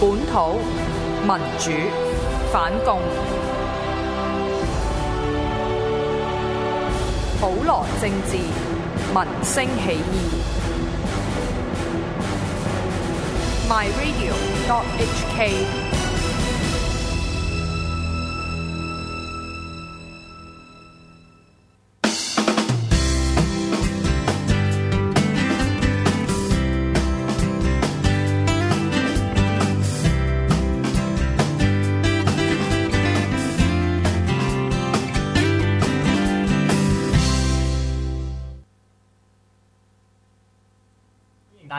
本土民主反共，普羅政治民聲起義。MyRadio.HK。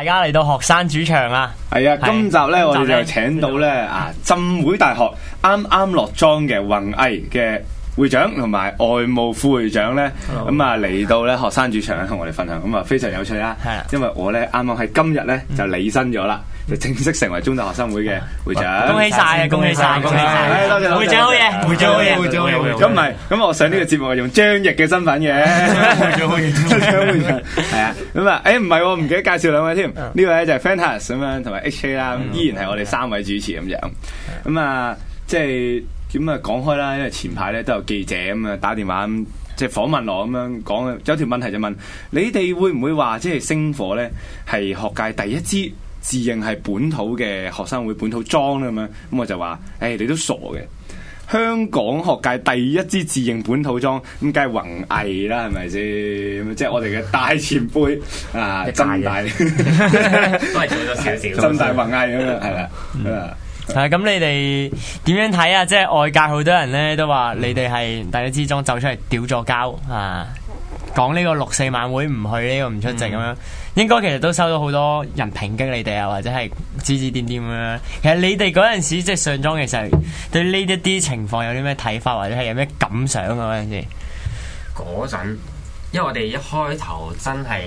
大家嚟到學生主場啦！係啊，今集呢，集呢我哋就請到呢啊浸會大學啱啱落莊嘅宏毅嘅。會長同埋外務副會長咧，咁啊嚟到咧學生主場同我哋分享，咁啊非常有趣啦。係，因為我咧啱啱喺今日咧就履新咗啦，就正式成為中大學生會嘅會長。恭喜晒啊！恭喜晒！恭喜晒！多謝！會長好嘢！會長好嘢！會長好嘢！咁唔係，咁我上呢個節目係用張譯嘅身份嘅。會長好嘢！係啊，咁啊，誒，唔係，唔記得介紹兩位添。呢位咧就係 Fentus 咁樣，同埋 HK 啦，依然係我哋三位主持咁樣。咁啊，即係。咁啊，講開啦，因為前排咧都有記者咁啊，打電話即係訪問我咁樣講，有條問題就問你哋會唔會話即係星火咧係學界第一支自認係本土嘅學生會本土莊咁啊，咁我就話，誒、欸，你都傻嘅，香港學界第一支自認本土莊，咁梗係弘毅啦，係咪先？即、就、係、是、我哋嘅大前輩 啊，大真大，都係做咗少少，點點真大弘毅咁啊，係啦。 嗯係咁，啊、你哋點樣睇啊？即係外界好多人咧都話你哋係第一支莊走出嚟屌咗交啊！講呢個六四晚會唔去呢個唔出席咁、嗯、樣，應該其實都收到好多人抨擊你哋啊，或者係指指點點咁樣。其實你哋嗰陣時即係上莊，其實對呢一啲情況有啲咩睇法，或者係有咩感想嗰、啊、陣時，嗰陣，因為我哋一開頭真係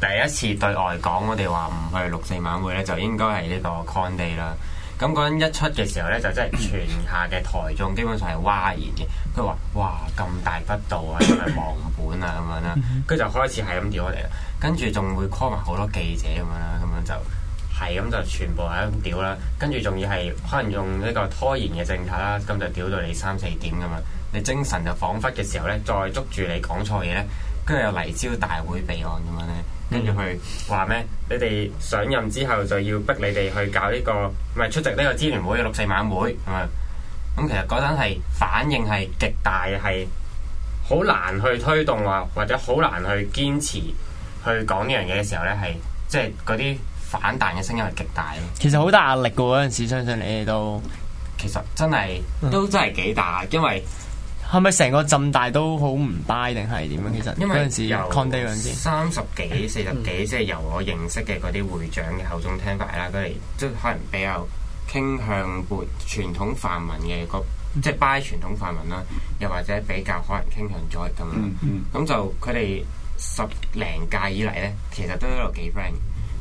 第一次對外講，我哋話唔去六四晚會咧，就應該係呢個 c o n d 啦。咁嗰陣一出嘅時候呢，就真係全下嘅台眾基本上係譁然嘅。佢話：哇，咁大不道啊，因為忘本啊咁樣啦。佢、嗯、哼就開始係咁屌我哋啦，跟住仲會 call 埋好多記者咁樣啦，咁樣就係咁就全部係咁屌啦。跟住仲要係可能用呢個拖延嘅政策啦，咁就屌到你三四點咁樣，你精神就恍惚嘅時候呢，再捉住你講錯嘢呢。跟住有嚟招大會備案咁樣咧，跟住佢話咩？ 你哋上任之後就要逼你哋去搞呢、這個，唔係出席呢個支聯會嘅六四晚會，係咪？咁其實嗰陣係反應係極大，係好難去推動話，或者好難去堅持去講呢樣嘢嘅時候咧，係即係嗰啲反彈嘅聲音係極大咯。其實好大壓力嘅喎，嗰陣時相信你哋都其實真係都真係幾大，因為。係咪成個浸大都好唔 buy 定係點啊？其實嗰陣時有三十幾、四十幾，即係、嗯、由我認識嘅嗰啲會長嘅口中聽法啦，都係即係可能比較傾向撥傳統泛民嘅個，即係 buy 傳統泛民啦，又或者比較可能傾向左咁啦。咁、嗯嗯、就佢哋十零屆以嚟咧，其實都一路幾 friend。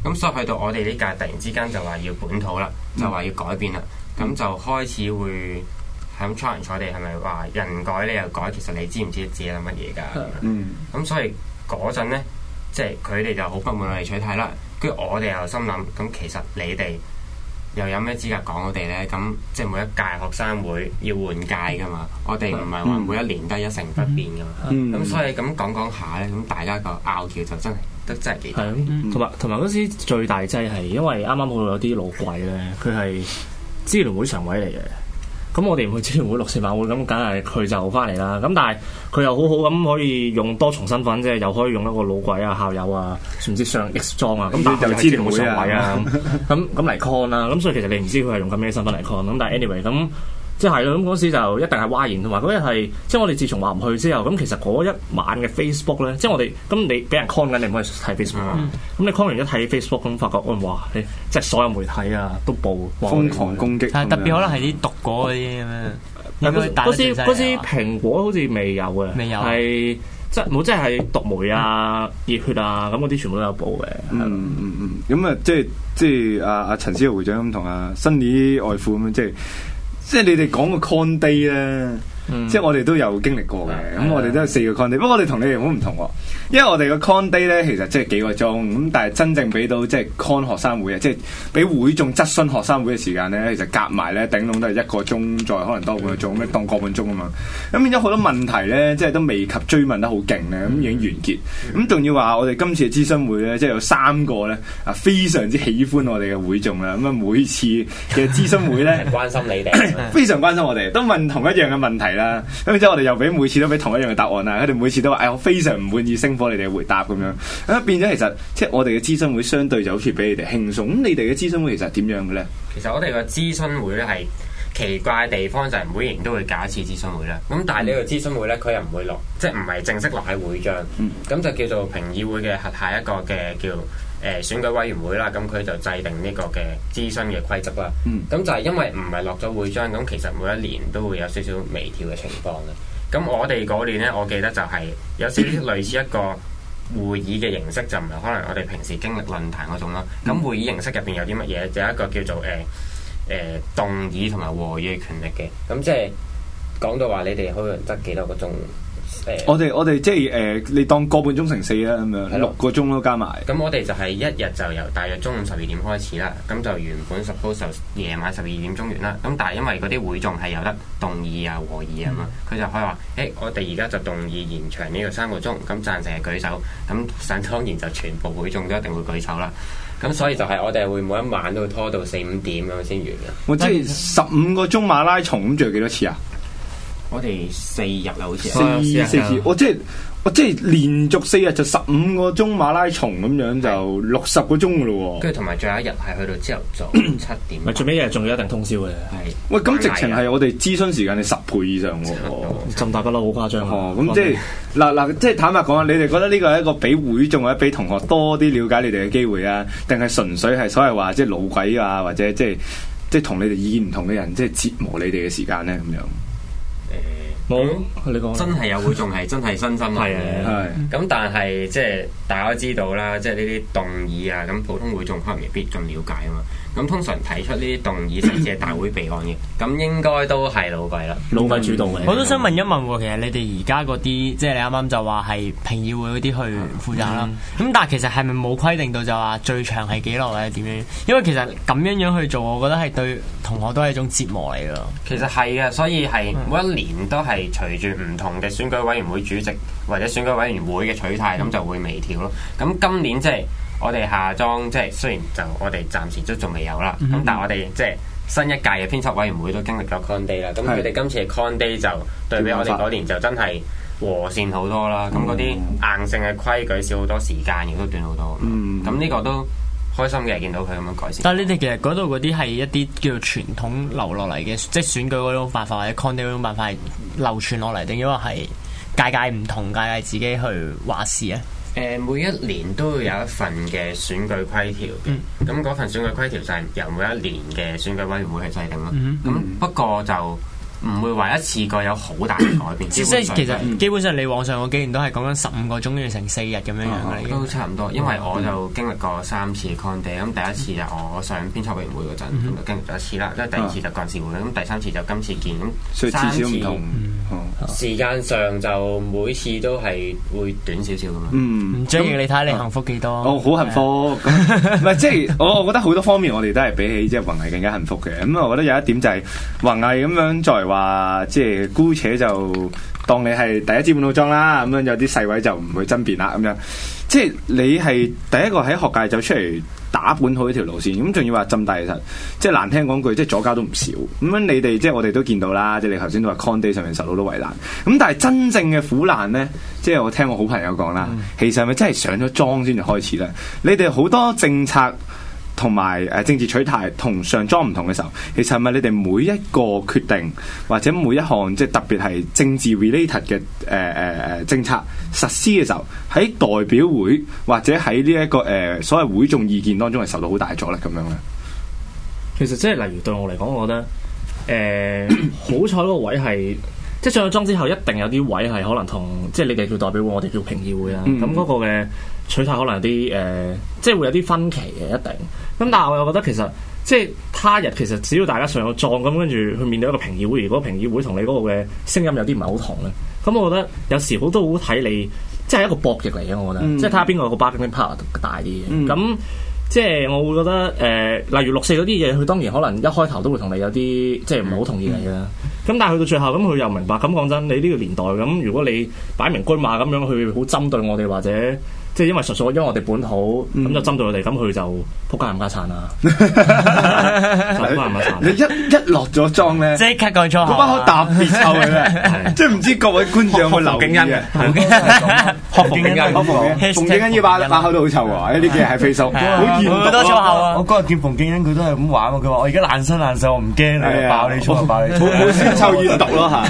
咁所以去到我哋呢屆，突然之間就話要本土啦，嗯、就話要改變啦，咁就開始會。喺咁坐人坐地，係咪話人改你又改？其實你知唔知自己諗乜嘢㗎？咁、嗯、所以嗰陣咧，即係佢哋就好、是、不滿我哋取態啦。跟住我哋又心諗，咁其實你哋又有咩資格講我哋呢？咁即係每一屆學生會要換屆㗎嘛？嗯、我哋唔係話每一年都一成不變㗎嘛。咁、嗯嗯、所以咁講一講一下呢，咁大家個拗撬就真係都真係幾大、嗯。同埋同埋嗰時最大劑係，因為啱啱好有啲老鬼呢，佢係支聯會常委嚟嘅。咁我哋唔去支聯會、六四晚會，咁梗係佢就翻嚟啦。咁但係佢又好好咁可以用多重身份即係，又可以用一個老鬼啊、校友啊，甚至上 X 裝啊，咁就支聯會上位啊，咁咁咁嚟 con 啦、啊。咁所以其實你唔知佢係用緊咩身份嚟 con way。咁但係 anyway 咁。即係咯，咁嗰時就一定係嘩然同埋嗰啲係，即係我哋自從話唔去之後，咁其實嗰一晚嘅 Facebook 咧，即係我哋咁你俾人 con 緊，你唔可以睇 Facebook。咁你 con 完一睇 Facebook，咁發覺哇，即係所有媒體啊都報，瘋狂攻擊。但係特別可能係啲毒果嗰啲咁樣。嗰嗰啲，嗰時蘋果好似未有嘅，未有係即係冇，即係獨媒啊、熱血啊，咁嗰啲全部都有報嘅。嗯嗯嗯，咁啊，即係即係阿阿陳思豪會長同阿 Sunny 外父咁樣即係。即係你哋講個 Conday 啊！嗯、即係我哋都有經歷過嘅，咁、嗯嗯、我哋都有四個 conference 不過我哋同你哋好唔同因為我哋個 conference 咧其實即係幾個鐘，咁，但係真正俾到即係 con 學生會啊，即係俾會眾質詢學生會嘅、就是、時間咧，其實夾埋咧頂籠都係一個鐘再可能多半個鐘，咩當、嗯、個半鐘啊嘛，咁變咗好多問題咧，即係都未及追問得好勁咧，咁已經完結，咁仲要話我哋今次嘅諮詢會咧，即、就、係、是、有三個咧啊，非常之喜歡我哋嘅會眾啦，咁啊每次嘅諮詢會咧， 關心你哋， 非常關心我哋，都問同一樣嘅問題。啦，咁之後我哋又俾每次都俾同一樣嘅答案啊，佢哋每次都話，哎，我非常唔滿意星火你哋嘅回答咁樣，咁變咗其實即係我哋嘅諮詢會相對就好似俾你哋輕鬆，咁你哋嘅諮詢會其實點樣嘅咧？其實我哋嘅諮詢會咧係奇怪嘅地方就係、是、每年都會搞一次諮詢會啦，咁但係你個諮詢會咧佢又唔會落，即係唔係正式落喺會章，咁就叫做評議會嘅下下一個嘅叫。誒選舉委員會啦，咁佢就制定呢個嘅諮詢嘅規則啦。咁、嗯、就係因為唔係落咗會章，咁其實每一年都會有少少微調嘅情況嘅。咁我哋嗰年呢，我記得就係有少少類似一個會議嘅形式， 就唔係可能我哋平時經歷論壇嗰種咯。咁會議形式入邊有啲乜嘢？就有、是、一個叫做誒誒、呃呃、動議同埋和議嘅權力嘅。咁、嗯、即係講到話你哋可能得幾多個鐘。嗯、我哋我哋即係誒、呃，你當個半鐘乘四啦，咁樣六個鐘咯加埋。咁噢、嗯、我哋就係一日就由大約中午十二點開始啦，咁就原本 suppose 夜晚十二點鐘完啦。咁但係因為嗰啲會眾係有得動議啊和議啊嘛，佢、嗯、就可以話誒、欸，我哋而家就動議延長呢個三個鐘，咁贊成係舉手。咁想當然就全部會眾都一定會舉手啦。咁所以就係我哋會每一晚都會拖到四五點咁先完嘅。我、嗯、即係十五個鐘馬拉松咁，仲有幾多次啊？我哋四日啦，好似四四次，我即係我即係連續四日就十五個鐘馬拉松咁樣，就六十個鐘噶咯。跟住同埋最後一日係去到朝頭早七點，最尾一日仲要一定通宵嘅。係喂，咁直情係我哋諮詢時間嘅十倍以上喎，咁大不咯，好誇張哦。咁即係嗱嗱，即係坦白講啊，你哋覺得呢個係一個俾會眾或者俾同學多啲了解你哋嘅機會啊，定係純粹係所謂話即係老鬼啊，或者即係即係同你哋意見唔同嘅人，即係折磨你哋嘅時間咧，咁樣。冇，真係有會眾係真係身心埋嘅，咁但係即係大家都知道啦，即係呢啲動議啊，咁普通會眾可能未必咁了解啊嘛。咁通常提出呢啲動議甚至係大會備案嘅，咁 應該都係老鬼啦，老鬼主動嘅。我都想問一問，其實你哋而家嗰啲，即係你啱啱就話係評議會嗰啲去負責啦。咁、嗯、但係其實係咪冇規定到就話最長係幾耐或者點樣？因為其實咁樣樣去做，我覺得係對同學都係一種折磨嚟嘅。其實係啊，所以係每一年都係隨住唔同嘅選舉委員會主席或者選舉委員會嘅取態，咁、嗯、就會微調咯。咁今年即、就、係、是。我哋下莊即係雖然就我哋暫時都仲未有啦，咁、嗯、哼但係我哋即係新一屆嘅編輯委員會都經歷咗 Condi 啦，咁佢哋今次嘅 Condi 就對比我哋嗰年就真係和善好多啦，咁嗰啲硬性嘅規矩少好多，時間亦都短好多。咁呢、嗯、哼個都開心嘅，見到佢咁樣改善。但係你哋其實嗰度嗰啲係一啲叫做傳統流落嚟嘅，即、就、係、是、選舉嗰種辦法或者 Condi 嗰種辦法係流傳落嚟，定因為係屆屆唔同屆屆自己去話事咧？誒，每一年都會有一份嘅選舉規條嘅，咁嗰份選舉規條就係由每一年嘅選舉委員會去制定咯。咁不過就唔會話一次過有好大改變。即係其實基本上你往上，我記住都係講緊十五個鐘要成四日咁樣樣嘅，都差唔多。因為我就經歷過三次 Con。咁第一次就我上編輯委員會嗰陣經歷咗一次啦，因為第二次就幹事會，咁第三次就今次見，咁所以至少時間上就每次都係會短少少噶嘛嗯 j e、嗯、你睇你幸福幾多？我好，哦，幸福。唔係 即係我，我覺得好多方面我哋都係比起即係弘毅更加幸福嘅。咁，嗯，啊，我覺得有一點就係弘毅咁樣，再為話即係姑且就當你係第一支半老莊啦。咁樣有啲細位就唔會爭辯啦。咁樣即係你係第一個喺學界走出嚟，打本好一條路線，咁仲要話浸大其實即係難聽講句，即係左膠都唔少。咁樣你哋即係我哋都見到啦，即係你頭先都話 Conde 上面受到都為難。咁但係真正嘅苦難呢，即係我聽我好朋友講啦，其實係咪真係上咗莊先至開始呢？你哋好多政策。同埋誒政治取態同上莊唔同嘅時候，其實係咪你哋每一個決定或者每一項即係特別係政治 related 嘅誒誒誒政策實施嘅時候，喺代表會或者喺呢一個誒、呃、所謂會眾意見當中係受到好大阻力咁樣咧？其實即係例如對我嚟講，我覺得誒、呃、 好彩個位係即係上咗莊之後，一定有啲位係可能同即係你哋叫代表會，我哋叫評議會啦。咁嗰、嗯、個嘅取態可能有啲誒、呃，即係會有啲分歧嘅，一定。咁但係我又覺得其實即係他日其實只要大家上個莊咁跟住去面對一個評議會，如果評議會同你嗰個嘅聲音有啲唔係好同咧，咁、嗯、我覺得有時都好睇你即係一個博弈嚟嘅，我覺得、嗯、即係睇下邊個個 bargaining power 大啲嘅。咁、嗯、即係我會覺得誒、呃，例如六四嗰啲嘢，佢當然可能一開頭都會同你有啲即係唔係好同意你嘅。咁、嗯、但係去到最後，咁佢又明白。咁講真，你呢個年代咁，如果你擺明車馬咁樣去好針對我哋或者。即係因為實在，因為我哋本土咁就針對我哋，咁佢就撲街冚家鏟啊！你一一落咗妝咧，即刻講粗口，特別臭嘅，即係唔知各位觀眾有冇留意嘅？學馮敬欣，學馮敬欣，馮敬欣依把口都好臭啊！呢幾日喺 Facebook，好多粗口啊！我嗰日見馮敬欣佢都係咁玩啊！佢話：我而家爛身爛手，我唔驚啊！爆你粗口，爆你粗口，先抽煙毒咯嚇！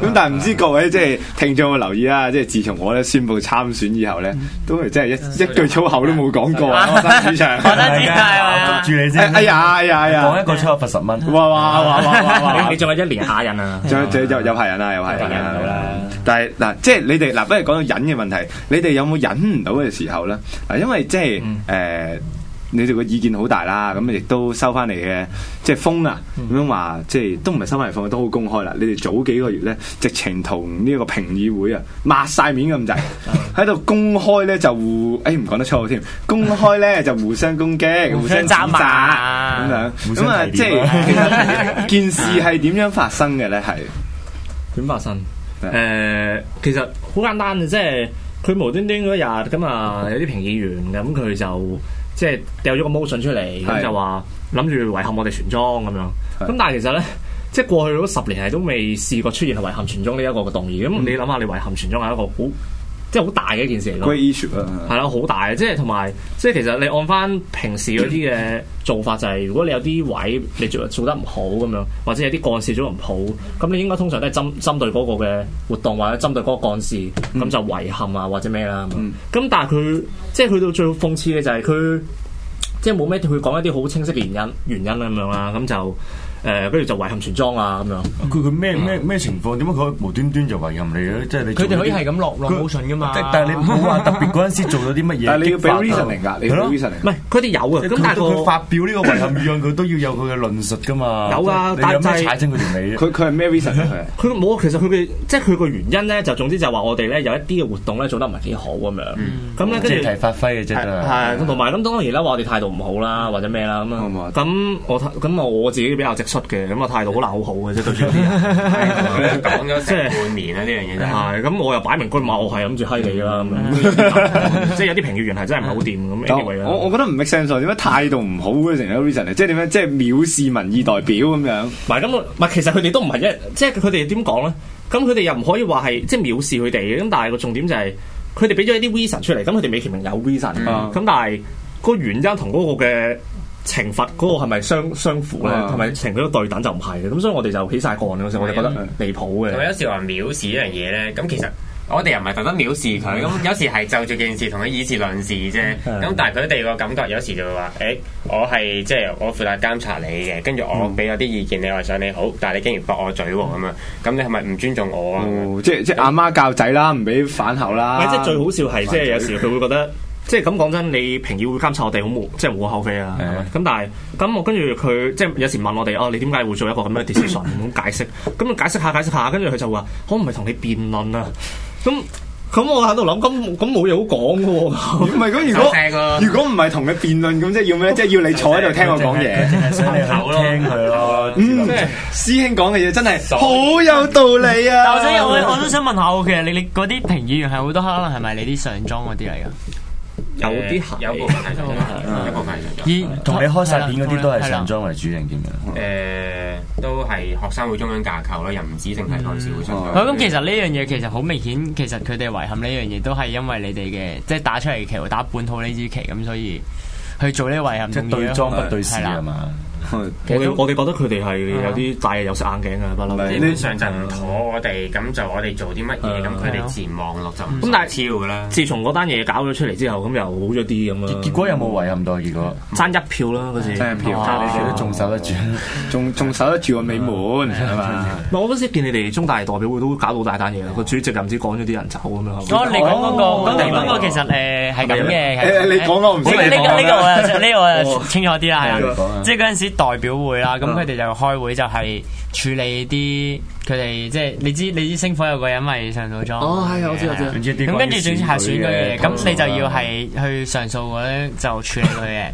咁但係唔知各位即係聽眾有冇留意啦。即係自從我咧宣布參選以後咧，都。即係一一句粗口都冇講過啊！主席，係啊，住你先。哎呀，哎呀，哎呀，講一個粗口罰十蚊。哇哇哇你仲有一年下人啊？仲有仲有有排忍啊？又係忍啦。但係嗱，即係你哋嗱，不如講到忍嘅問題，你哋有冇忍唔到嘅時候咧？嗱，因為即係誒。你哋嘅意見好大啦，咁亦都收翻嚟嘅，即係封啊，咁樣話，即係都唔係收翻嚟，都好公開啦。你哋早幾個月咧，直情同呢個評議會啊，抹晒面咁滯，喺度公開咧就互，誒唔講得錯添，公開咧就互相攻擊，互相詐詐咁樣，咁啊即係件事係點樣發生嘅咧？係點發生？誒的、呃，其實好簡單嘅，即係佢無端端嗰日咁啊，有啲評議員咁，佢就。即係掉咗個 motion 出嚟，咁就話諗住遺憾我哋全莊咁樣。咁但係其實咧，即係過去十年係都未試過出現係遺憾全莊呢一個嘅動議。咁你諗下，你遺憾全莊係一個好。即係好大嘅一件事嚟咯，係啦、啊，好大嘅，即係同埋，即係其實你按返平時嗰啲嘅做法就係、是，如果你有啲位你做做得唔好咁樣，或者有啲幹事做得唔好，咁你應該通常都係針針對嗰個嘅活動或者針對嗰個幹事，咁就遺憾啊或者咩啦咁。嗯、但係佢即係去到最諷刺嘅就係佢，即係冇咩佢講一啲好清晰嘅原因原因咁樣啦，咁就。誒，跟住就遺憾全莊啊，咁樣。佢佢咩咩咩情況？點解佢無端端就遺憾你咧？即係你。佢哋可以係咁落落冇順噶嘛？但係你唔好話特別嗰陣時做咗啲乜嘢？但你俾 reasoning 㗎，你俾 reasoning 唔係，佢哋有啊。咁但係佢發表呢個遺憾語佢都要有佢嘅論述㗎嘛？有啊，但係踩親佢條尾。佢佢係咩 reasoning，佢冇啊，其實佢嘅即係佢個原因咧，就總之就話我哋咧有一啲嘅活動咧做得唔係幾好咁樣。咁咧跟住即係發揮嘅啫。咁同埋咁當然啦，話我哋態度唔好啦，或者咩啦咁啊。咁我咁我自己比較正。出嘅咁啊態度好難好好嘅啫，對住啲人講咗成半年咧呢樣嘢就係咁，我又擺明句話，我係諗住蝦你啦咁。即係有啲評議員係真係唔係好掂咁。我我覺得唔 make sense 點解態度唔好嘅成個 reason 嚟，即係點樣？即係藐視民意代表咁樣。唔係咁，唔係其實佢哋都唔係一，即係佢哋點講咧？咁佢哋又唔可以話係即係藐視佢哋嘅。咁但係個重點就係佢哋俾咗一啲 reason 出嚟。咁佢哋美其名有 reason，咁但係個原因同嗰個嘅。懲罰嗰個係咪相相符咧？同埋、啊、懲佢對等就唔係嘅？咁所以我哋就起晒汗嘅時候，啊、我就覺得離譜嘅。同埋有時話藐視呢樣嘢咧，咁其實我哋又唔係特登藐視佢，咁、啊、有時係就住件事同佢以事論事啫。咁、啊、但係佢哋個感覺有時就會話：，誒、欸，我係即係我負責監察你嘅，跟住我俾咗啲意見你，話想你好，但係你竟然駁我嘴喎咁樣，咁、嗯、你係咪唔尊重我啊？哦、即即阿媽，媽教仔啦，唔俾反口啦。即即最好笑係，即誰有時佢會覺得。即係咁講真，你評議會監察我哋好無，即、就、係、是、無可厚非啊。咁是的 吧但係咁我跟住佢，即係有時問我哋哦、啊，你點解會做一個咁樣 decision？咁解釋咁、嗯，解釋下，下，解釋下，跟住佢就話：，我唔係同你辯論啊。咁咁我喺度諗，咁咁冇嘢好講噶喎。唔係咁，如果如果唔係同你辯論，咁即係要咩？ 即係要你坐喺度聽我講嘢，即係想你口聽佢咯。嗯，師兄講嘅嘢真係好有道理啊。 但係我想，我都想問下，我其實你你嗰啲評議員係好多可能係咪你啲上莊嗰啲嚟噶？有啲，有個問題就係， 一個係依同你開曬片嗰啲都係上莊為主定點樣？嗯嗯、都係學生會中央架構啦，又唔指定係個小組。好，咁其實呢樣嘢其實好明顯，其實佢哋遺憾呢樣嘢都係因為你哋嘅，即係打出嚟嘅旗，棋，打本土呢支旗咁，所以去做呢遺憾。即係對莊不對事嘛？我哋覺得佢哋係有啲戴有色眼鏡嘅，不嬲。呢上陣唔妥我哋，咁就我哋做啲乜嘢，咁佢哋自然望落就。咁但係次㗎啦！自從嗰單嘢搞咗出嚟之後，咁又好咗啲咁咯。結果有冇遺憾代？結果爭一票啦嗰時。爭票，但係你都仲守得住，仲仲守得住個美滿係嘛？我嗰時見你哋中大代表會都搞到大單嘢啦，個主席又唔知趕咗啲人走咁樣。講講講，嗰個其實誒係咁嘅。你講我唔知。呢個呢個個我誒清楚啲啦，即係嗰陣時代表會啦，咁佢哋就開會就係處理啲佢哋即係你知，你知星火有個人咪上訴咗？哦，係，我知道知道。咁跟住仲要下選舉嘅，咁你就要係去上訴會就處理佢嘅。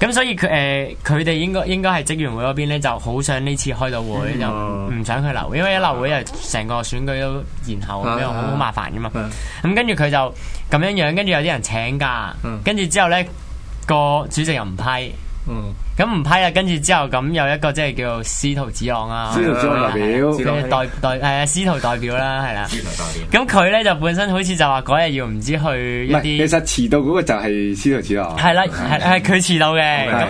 咁所以佢誒佢哋應該應該係職員會嗰邊咧，就好想呢次開到會，就唔想去留，因為一留會又成個選舉都延後咁樣，好麻煩噶嘛。咁跟住佢就咁樣樣，跟住有啲人請假，跟住之後咧個主席又唔批。咁唔批啊，跟住之後咁有一個即係叫做司徒子朗啊，司徒子朗代表，代代係啊司徒代表啦，係啦。司徒代表。咁佢咧就本身好似就話嗰日要唔知去一啲，其實遲到嗰個就係司徒子朗。係啦，係佢遲到嘅。咁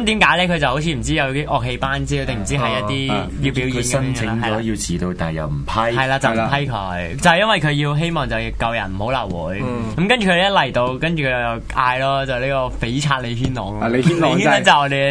咁點解咧？佢就好似唔知有啲樂器班之，定唔知係一啲要表演。佢申請咗要遲到，但係又唔批。係啦，就唔批佢，就係因為佢要希望就救人唔好流會。咁跟住佢一嚟到，跟住佢又嗌咯，就呢個匪察李軒朗。李軒朗就係。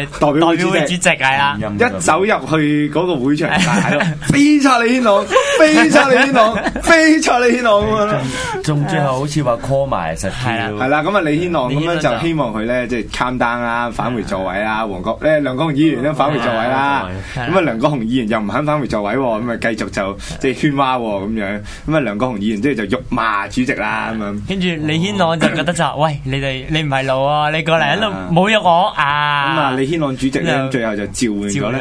代表會主席係啦，一走入去嗰個會場就喺度飛拆李軒朗，飛拆李軒朗，飛拆李軒朗，仲最後好似話 call 埋實條，係啦，咁啊李軒朗咁樣就希望佢咧即係 calm down 啊，返回座位啊，黃國咧梁國雄議員咧返回座位啦，咁啊梁國雄議員又唔肯返回座位喎，咁啊繼續就即係喧嘩咁樣，咁啊梁國雄議員即係就辱罵主席啦咁樣，跟住李軒朗就覺得就喂，你哋你唔係路啊，你過嚟喺度侮辱我啊，咁啊李。天朗主席咧，最後就召喚咗咧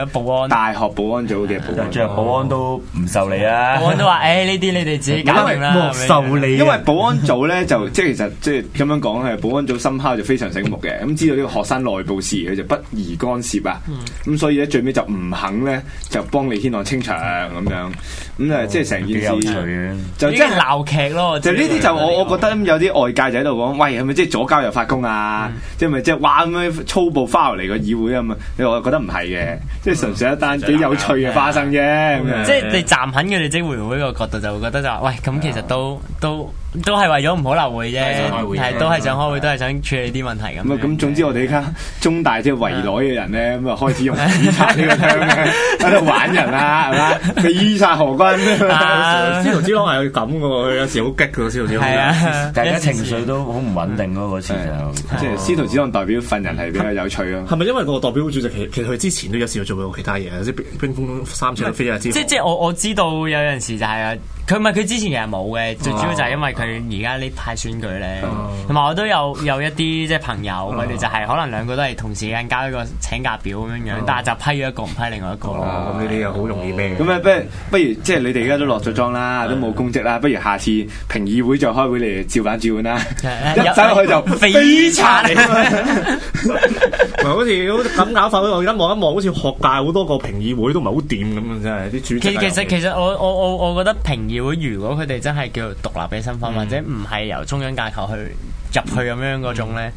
大學保安組嘅保安，最後保安都唔受理啊！哦、保安都話：誒呢啲你哋自己搞定啦，唔受理。」 因為保安組咧就即係其實即係咁樣講，係保安組深刻就非常醒目嘅，咁知道呢個學生內部事，佢就不宜干涉啊。咁、嗯、所以咧最尾就唔肯咧，就幫你天朗清場咁、嗯、樣。咁啊，嗯嗯、即係成件事就即係鬧劇咯。道就呢啲就我我覺得有啲外界就喺度講，喂，係咪即係左膠又發功啊？嗯、即係咪即係話咁樣粗暴翻入嚟個議會咁啊？你、嗯、我覺得唔係嘅，嗯、即係純粹一單幾有趣嘅發生啫。嗯嗯、即係你站喺佢哋即係會唔會個角度就會覺得就話喂，咁其實都、嗯、都。都都係為咗唔好流會啫，係都係想開會，都係想處理啲問題咁。咁總之，我哋依家中大即係圍內嘅人咧，咁啊開始用伊莎呢個槍喺度玩人啦，係嘛？佢伊莎何君？司徒子朗係咁噶，佢有時好激噶司徒子朗。而家情緒都好唔穩定咯。嗰次就即係司徒子朗代表份人係比較有趣咯。係咪因為個代表主席其其實佢之前都有時候做過其他嘢啊？即冰冰封三尺都飛啊之。即即我我知道有陣時就係。佢唔係佢之前其實冇嘅，最主要就係因為佢而家呢派選舉咧，同埋我都有有一啲即係朋友，佢哋就係可能兩個都係同時間交一個請假表咁樣樣，但係就批咗一個唔批另外一個咯。咁呢啲又好容易咩？咁啊不不如即係你哋而家都落咗莊啦，都冇公職啦，不如下次評議會就開會嚟照版照本啦，一開就飛燦嚟㗎。好似咁搞法，我而家望一望，好似學界好多個評議會都唔係好掂咁啊！真係啲主其實其實我我我我覺得評議。如果如果佢哋真係叫獨立嘅身份，嗯、或者唔係由中央架構去入去咁樣嗰種咧，嗯、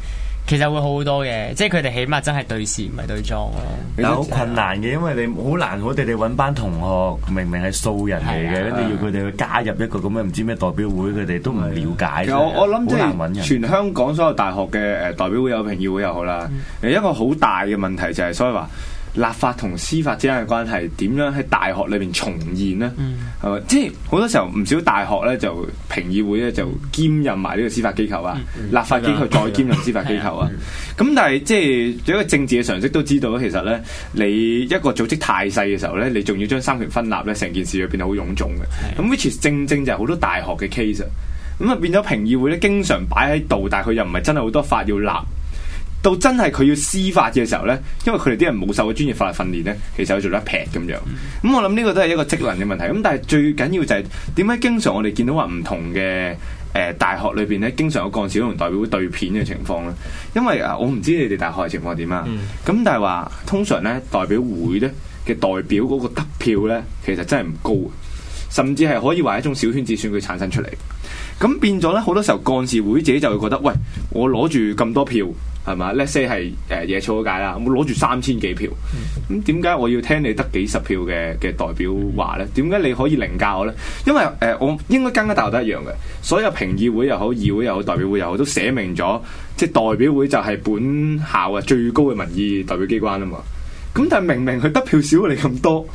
其實會好好多嘅。即係佢哋起碼真係對事唔係對莊咯。好困難嘅，因為你難好難，我哋哋揾班同學，明明係素人嚟嘅，跟住、嗯、要佢哋去加入一個咁樣唔知咩代表會，佢哋都唔了解。其實我我諗即全香港所有大學嘅誒代表會又好，評議會又好啦，嗯、一個好大嘅問題，就係，就係所以話。立法同司法之間嘅關係點樣喺大學裏邊重現呢？係、嗯啊、即係好多時候唔少大學呢就評議會呢就兼任埋呢個司法機構啊，嗯嗯、立法機構再兼任司法機構啊。咁、嗯嗯、但係即係一個政治嘅常識都知道，其實呢，你一個組織太細嘅時候呢，你仲要將三權分立呢，成件事就變得好臃眾腫嘅。咁、嗯嗯、which 正正就係好多大學嘅 case 啊。咁啊變咗評議會呢經常擺喺度，但係佢又唔係真係好多法要立。到真係佢要司法嘅時候呢，因為佢哋啲人冇受過專業法律訓練呢，其實佢做得一撇咁樣。咁我諗呢個都係一個職能嘅問題。咁但係最緊要就係點解經常我哋見到話唔同嘅誒大學裏邊呢，經常有幹事同代表會對片嘅情況呢？因為啊，我唔知你哋大學嘅情況點啊。咁但係話通常呢，代表會呢嘅代表嗰個得票呢，其實真係唔高，甚至係可以話一種小圈子選舉產生出嚟。咁變咗咧，好多時候幹事會自己就會覺得，喂，我攞住咁多票，係嘛？Let's say 係誒、呃、野草界啦，我攞住三千幾票，咁點解我要聽你得幾十票嘅嘅代表話咧？點解你可以凌駕我咧？因為誒、呃，我應該跟一大家一樣嘅，所有評議會又好，議會又好，代表會又好，都寫明咗，即係代表會就係本校嘅最高嘅民意代表機關啊嘛。咁但係明明佢得票少你咁多。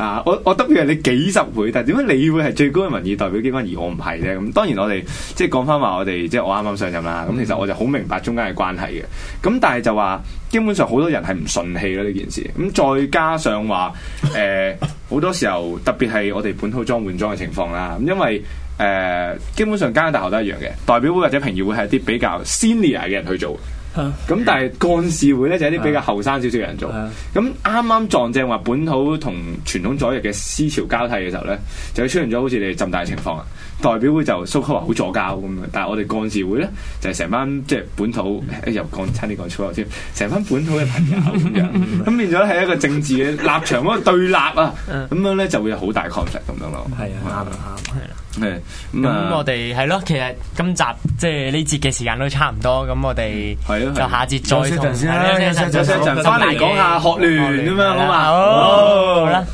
啊！我我 W 你幾十倍，但係點解你會係最高嘅民意代表機關，而我唔係咧？咁當然我哋即係講返話，我哋即係我啱啱上任啦。咁其實我就好明白中間嘅關係嘅。咁但係就話，基本上好多人係唔順氣咯呢件事。咁再加上話，誒、呃、好多時候特別係我哋本土莊換莊嘅情況啦。咁因為誒、呃、基本上間間大學都一樣嘅，代表會或者評議會係一啲比較 senior 嘅人去做。咁、嗯、但係幹事會咧就係、是、啲比較後生少少嘅人做，咁啱啱撞正話本土同傳統左翼嘅思潮交替嘅時候咧，就出現咗好似你哋浸大嘅情況啊。代表會就蘇克話好助教咁樣，但係我哋幹事會咧就係成班即係本土又講差啲講口添，成班本土嘅朋友咁樣，咁變咗係一個政治嘅立場嗰個對立啊，咁樣咧就會好大抗 o n 咁樣咯。係啊，啱啊，啱係啦。係咁，我哋係咯。其實今集即係呢節嘅時間都差唔多，咁我哋係咯，就下節再同翻嚟講下學聯咁樣好嘛？好啦。